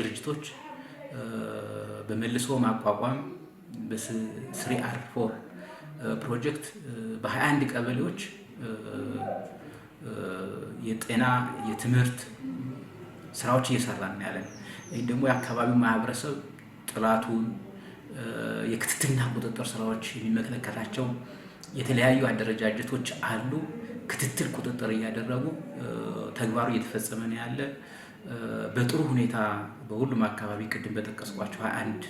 ድርጅቶች በመልሶ ማቋቋም በስሪ አር ፎር ፕሮጀክት በ21 ቀበሌዎች የጤና የትምህርት ስራዎች እየሰራ ነው ያለን። ደግሞ የአካባቢው ማህበረሰብ ጥራቱን የክትትልና ቁጥጥር ስራዎች የሚመለከታቸው የተለያዩ አደረጃጀቶች አሉ። ክትትል ቁጥጥር እያደረጉ ተግባሩ እየተፈጸመ ነው ያለ በጥሩ ሁኔታ በሁሉም አካባቢ ቅድም በጠቀስኳቸው አንድ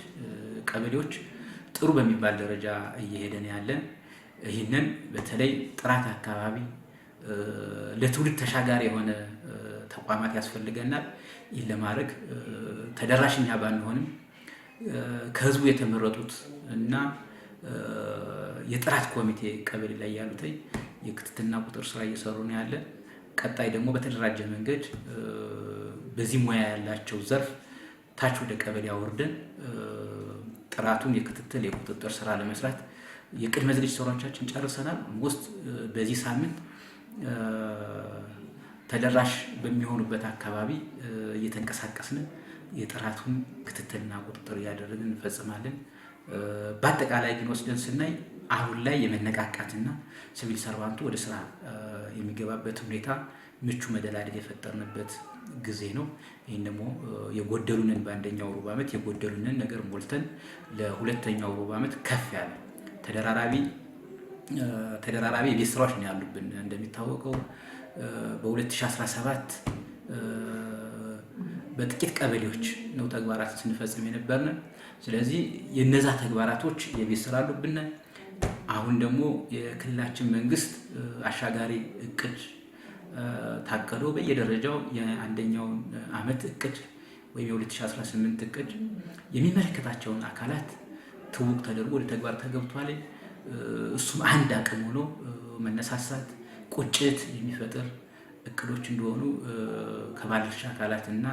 ቀበሌዎች ጥሩ በሚባል ደረጃ እየሄደን ያለን ይህንን በተለይ ጥራት አካባቢ ለትውልድ ተሻጋሪ የሆነ ተቋማት ያስፈልገናል። ይህን ለማድረግ ተደራሽኛ ባንሆንም ከህዝቡ የተመረጡት እና የጥራት ኮሚቴ ቀበሌ ላይ ያሉት የክትትልና ቁጥር ስራ እየሰሩ ነው ያለ። ቀጣይ ደግሞ በተደራጀ መንገድ በዚህ ሙያ ያላቸው ዘርፍ ታች ወደ ቀበሌ አውርደን ጥራቱን የክትትል የቁጥጥር ስራ ለመስራት የቅድመ ዝግጅት ስራዎቻችን ጨርሰናል። ውስጥ በዚህ ሳምንት ተደራሽ በሚሆኑበት አካባቢ እየተንቀሳቀስን የጥራቱን ክትትልና ቁጥጥር እያደረግን እንፈጽማለን። በአጠቃላይ ግን ወስደን ስናይ አሁን ላይ የመነቃቃትና ሲቪል ሰርቫንቱ ወደ ስራ የሚገባበት ሁኔታ ምቹ መደላደል የፈጠርንበት ጊዜ ነው። ይህን ደግሞ የጎደሉንን በአንደኛው ሩብ ዓመት የጎደሉንን ነገር ሞልተን ለሁለተኛው ሩብ ዓመት ከፍ ያለ ተደራራቢ ተደራራቢ የቤት ስራዎች ነው ያሉብን። እንደሚታወቀው በ2017 በጥቂት ቀበሌዎች ነው ተግባራትን ስንፈጽም የነበርን። ስለዚህ የእነዛ ተግባራቶች የቤት ስራ አሉብን። አሁን ደግሞ የክልላችን መንግስት አሻጋሪ እቅድ ታቀዶ በየደረጃው የአንደኛውን ዓመት እቅድ ወይም የ2018 እቅድ የሚመለከታቸውን አካላት ትውቅ ተደርጎ ወደ ተግባር ተገብቷል። እሱም አንድ አቅም ሆኖ መነሳሳት፣ ቁጭት የሚፈጥር እቅዶች እንደሆኑ ከባለድርሻ አካላትና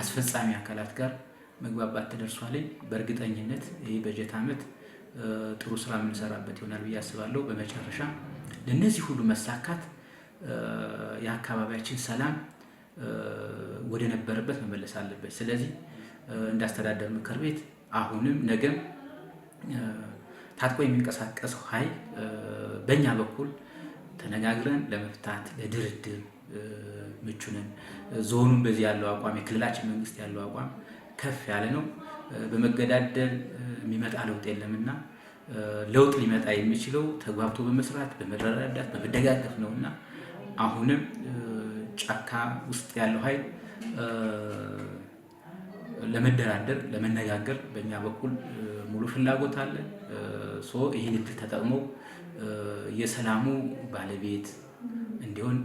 አስፈጻሚ አካላት ጋር መግባባት ተደርሷል። በእርግጠኝነት ይህ በጀት ዓመት ጥሩ ስራ የምንሰራበት ይሆናል ብዬ አስባለሁ። በመጨረሻ ለእነዚህ ሁሉ መሳካት የአካባቢያችን ሰላም ወደ ነበረበት መመለስ አለበት። ስለዚህ እንዳስተዳደር ምክር ቤት አሁንም ነገም ታጥቆ የሚንቀሳቀሰው ኃይል በእኛ በኩል ተነጋግረን ለመፍታት ለድርድር ምቹ ነን። ዞኑም በዚህ ያለው አቋም የክልላችን መንግስት ያለው አቋም ከፍ ያለ ነው። በመገዳደል የሚመጣ ለውጥ የለም እና ለውጥ ሊመጣ የሚችለው ተግባብቶ በመስራት በመረዳዳት፣ በመደጋገፍ ነው እና አሁንም ጫካ ውስጥ ያለው ኃይል ለመደራደር፣ ለመነጋገር በእኛ በኩል ሙሉ ፍላጎት አለ። ይህን እድል ተጠቅሞ የሰላሙ ባለቤት እንዲሆን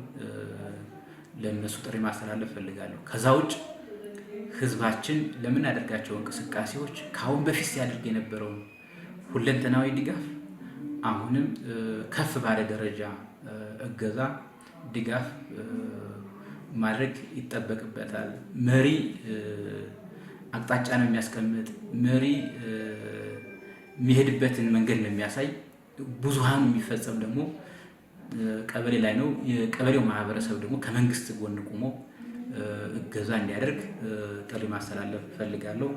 ለእነሱ ጥሪ ማስተላለፍ ፈልጋለሁ። ከዛ ውጭ ህዝባችን ለምናደርጋቸው እንቅስቃሴዎች ከአሁን በፊት ሲያደርግ የነበረውን ሁለንተናዊ ድጋፍ አሁንም ከፍ ባለ ደረጃ እገዛ፣ ድጋፍ ማድረግ ይጠበቅበታል። መሪ አቅጣጫ ነው የሚያስቀምጥ፣ መሪ የሚሄድበትን መንገድ ነው የሚያሳይ። ብዙሃኑ የሚፈጸም ደግሞ ቀበሌ ላይ ነው። የቀበሌው ማህበረሰብ ደግሞ ከመንግስት ጎን ቁሞ እገዛ እንዲያደርግ ጥሪ ማስተላለፍ እፈልጋለሁ።